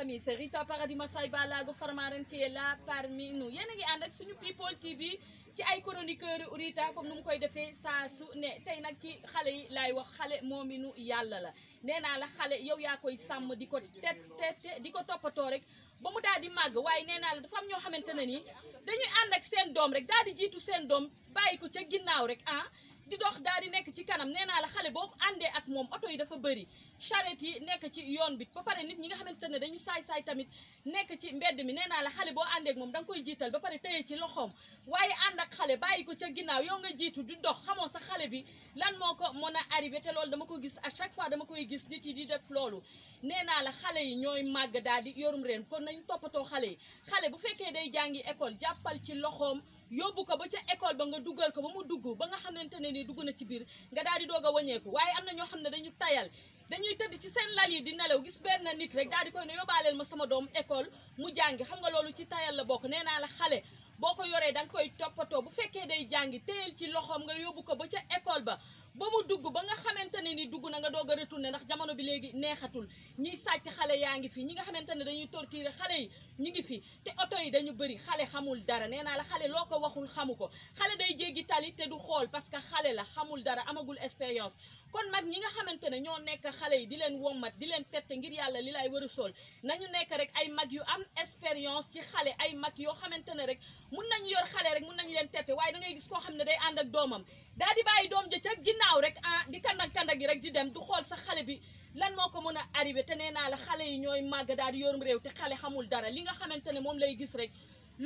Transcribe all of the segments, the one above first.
famille c'est Rita Paradis Massay Balago Farmaren qui est là parmi nous yéen a ngi ànd ak suñu people TV ci ay chroniqueur Rita comme nu mu koy defee saa su ne tey nag ci xale yi laay wax xale moom moominu yàlla la nee naa la xale yow yaa koy sàmm di ko tet di ko toppatoo rek ba mu daal di màgg waaye nee naa la dafa am ñoo xamante ne nii dañuy ànd ak seen doom rek daal di jiitu seen doom bàyyi ko ca ginnaaw rek ah di dox daal di nekk ci kanam nee naa la xale boo àndee ak moom oto yi dafa bëri charrette yi nekk ci yoon bi ba pare nit ñi nga xamante ne dañu saay-saay tamit nekk ci mbedd mi nee naa la xale boo àndeek moom danga koy jiital ba pare téye ci loxoom waaye ànd ak xale bàyyi ko ca ginnaaw yow nga jiitu du dox xamoo sa xale bi lan moo ko mën a arrivé te loolu dama ko gis à chaque fois dama koy gis nit yi di def loolu nee naa la xale yi ñooy màgg daal di yorum reen kon nañu toppatoo xale yi xale bu fekkee day jàngi école jàppal ci loxoom yóbbu ko ba ca école ba nga dugal ko ba mu dugg ba nga xamante ne ni dugg na ci biir nga daal di doog a wañeeku waaye am na ñoo xam ne dañu tayal dañuy tëdd ci seen lal yi di nelaw gis benn nit rek daal di koy ne yóbbaaleel ma sama doom école mu jàngi xam nga loolu ci tayal la bokk nee naa la xale boo ko yoree danga koy toppatoo bu fekkee day jàngi téyel ci loxoom nga yóbbu ko ba ca école ba ba mu dugg ba nga xamante ne ni dugg na nga doog a retourné ndax jamono bi léegi neexatul ñiy sàcc xale yaa ngi fi ñi nga xamante ne dañuy torturer xale yi ñu ngi fi te oto yi dañu bëri xale xamul dara nee naa la xale loo ko waxul xamu ko xale day jéggi tali te du xool parce que xale la xamul dara amagul expérience kon mag ñi nga xamante ne ñoo nekk xale yi di leen wommat di leen tette ngir yàlla li lay war a sol nañu nekk rek ay mag yu am expérience ci ay mag yoo xamante ne rek mun nañu yor xale rek mun nañu leen tette waaye da gis koo xam ne day ànd ak doomam daa di bàyyi doom ja ca ginnaaw rek ah di kandag kandag yi rek di dem du xool sa xale bi lan moo ko mën a arrivé te nee naa la xale yi ñooy màgg daal di yorum réew te xale xamul dara li nga xamante ne moom lay gis rek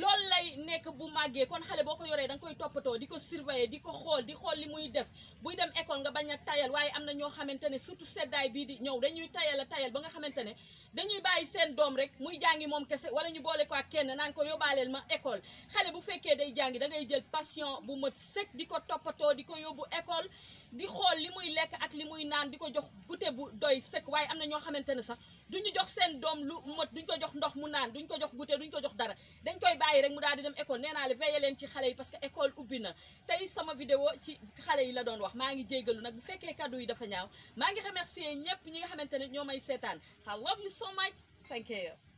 loolu lay nekk bu màggee kon xale boo ko yoree da koy toppatoo di ko surveiller di ko xool di xool li muy def buy dem école nga bañ a tayal waaye am na ñoo xamante ne surtout seddaay bii di ñëw dañuy tayal a tayel ba nga xamante ne dañuy bàyyi seen doom rek muy jàngi moom kese wala ñu boole ko ak kenn naan ko yóbbaaleel ma école xale bu fekkee day jàngi dangay jël passion bu mat sëkk di ko toppatoo di ko yóbbu école di xool li muy lekk ak li muy naan di ko jox goûter bu doy sëkk waaye am na ñoo xamante ne sax ñu jox seen doom lu mot duñ ko jox ndox mu naan duñ ko jox goûter ñu ko jox dara dañ koy bàyyi rek mu daal di dem école nee naa la veillé leen ci xale yi parce que école ubbi na tey sama vidéo ci xale yi la doon wax maa ngi jéggalu nag bu fekkee kàddu yi dafa ñaaw maa ngi remercier ñëpp ñi nga xamante ne ñoo may seetaan I love you so much thank you